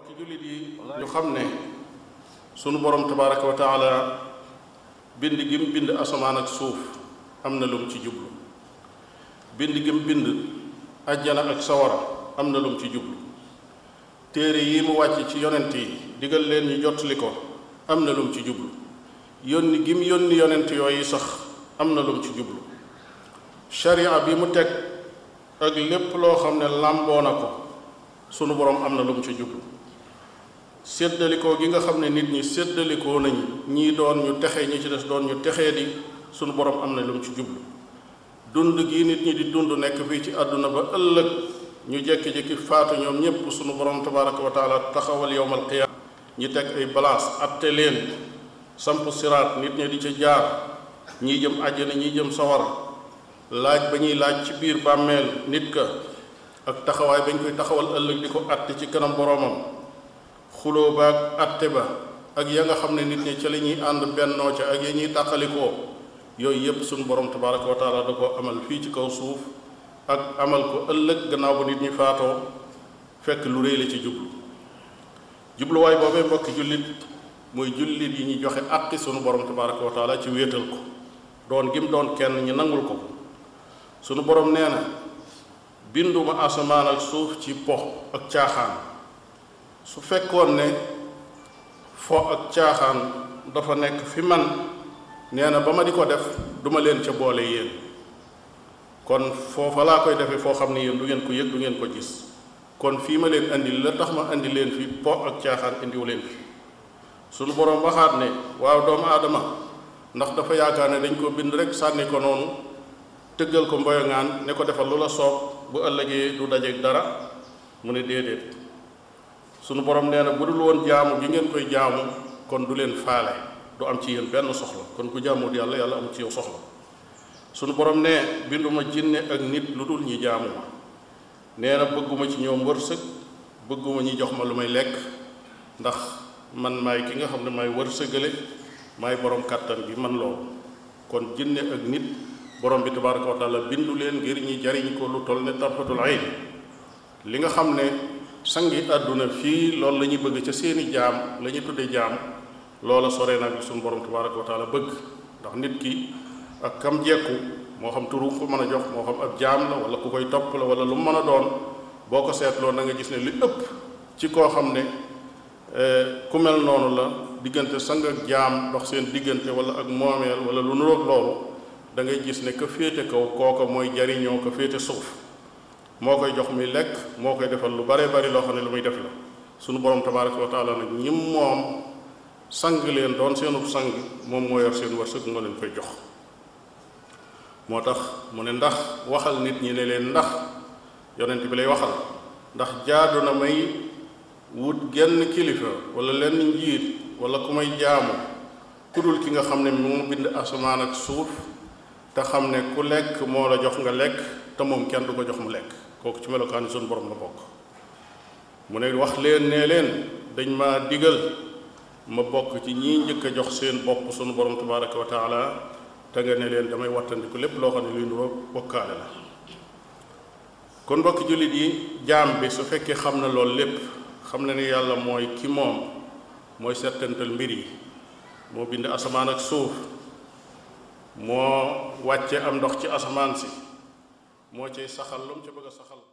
mbokki jullit yi ñu xam ne sunu borom tabaraka wa taala bind gim bind asamaan ak suuf am na lum ci jublu bind gim bind ajjana ak sawara am na lum ci jublu téere yi mu wàcc ci yonent yi digal leen ñu jottali ko am na lum ci jublu yónni gim yónni yonent yooyu sax am na lum ci jublu sharia bi mu teg ak lépp loo xam ne làmboo na ko sunu boroom am na lum ci jublu séddalikoo gi nga xam ne nit ñi séddalikoo nañ ñii doon ñu texe ñu ci des doon ñu texee di sunu borom am na lu mu ci jublu dund gi nit ñi di dund nekk fii ci àdduna ba ëllëg ñu jekki-jekki faatu ñoom ñépp sunu borom tabaraka wa taala taxawal yowmal qiyaama ñi teg ay balance atte leen samp siraat nit ñi di ca jaar ñii jëm àjjana ñii jëm sawara laaj ba ñuy laaj ci biir bàmmeel nit ka ak taxawaay ba ñu koy taxawal ëllëg di ko atte ci kanam boromam xuloo ba ak ba ak ya nga xam ne nit ñi ca la ñuy ànd bennoo ca ak ya ñuy tàqalikoo yooyu yépp suñu borom tabaraka wa taala da ko amal fii ci kaw suuf ak amal ko ëllëg gannaaw ba nit ñi faatoo fekk lu réy la ci jublu jubluwaay boobee mbokki jullit muy jullit yi ñu joxe àqi sunu borom tabaraka wa ci wéetal ko doon gim doon kenn ñu nangul ko ko sunu borom nee na binduma asamaan ak suuf ci po ak caaxaan su fekkoon ne fo ak caaxaan dafa nekk fi man nee na ba ma di ko def duma leen ca boole yéen kon foofa laa koy defee foo xam ne yéen du ngeen ko yëg du ngeen ko gis kon fii ma leen indi la tax ma indi leen fi po ak caaxaan indiwu leen fi sunu boroom waxaat ne waaw doomu aadama ndax dafa yaakaar ne dañ ko bind rek sànni ko noonu tëggal ko mboyoŋaan ne ko defal lu la soob bu ëllëgee du dajeeg dara mu ne déedéet sunu borom nee na bu dul woon jaamu gi ngeen koy jaamu kon du leen faale du am ci yéen benn soxla kon ku jàmmoo yàlla yàlla am ci yow soxla sunu borom ne binduma jinne ak nit lu dul ñi jaamu ma nee nag bëgguma ci ñoom wërsëg bëgguma ñi jox ma lu may lekk ndax man may ki nga xam ne maay wërsëgale maay borom kàttan gi man loo kon jinne ak nit borom bi tabaraka wa taala bindu leen ngir ñi jariñ ko lu toll ne tarfatul ayn li nga xam ne yi àdduna fii loolu la ñuy bëgg ca seeni jaam la ñuy tuddee jaam loola sore nag li suñu borom tabaraka wa taala bëgg ndax nit ki ak kam jekku moo xam turu ko mën a jox moo xam ak jaam la wala ku koy topp la wala lu mu mën a doon boo ko seetloo na nga gis ne li ci koo xam ne eh, ku mel noonu la diggante sang jaam dox seen diggante wala ak moomeel wala lu nuroog loolu da ngay gis ne ka féete kaw kooko mooy jariñoo ka féete suuf moo koy jox muy lekk moo koy defal lu bare bari loo xam ne lu muy def la suñu borom tabaraka wa taala nag ñi moom sang leen doon seenub sang moom moo yor seen wërsëg moo leen koy jox moo tax mu ne ndax waxal nit ñi ne leen ndax yonent bi lay waxal ndax jaadu na may wut genn kilifa wala lenn njiit wala ku may jaamu kudul ki nga xam ne mu bind asamaan ak suuf te xam ne ku lekk moo la jox nga lekk te moom kenn du ko jox mu lekk kooku ci melokaanu sunu borom la bokk mu ne wax leen nee leen dañ ma digal ma bokk ci ñii njëkk a jox seen bopp suñu borom tabaraka wa taala te nga ne leen damay wattandiku lépp loo xam ne luy nuroo bokkaale la kon mbokki jullit yi jaam bi su fekkee xam na loolu lépp xam na ni yàlla mooy ki moom mooy settantal mbir yi moo bind asamaan ak suuf moo wàcce am ndox ci asamaan si moo cay saxal loom mu ci bëgg a saxal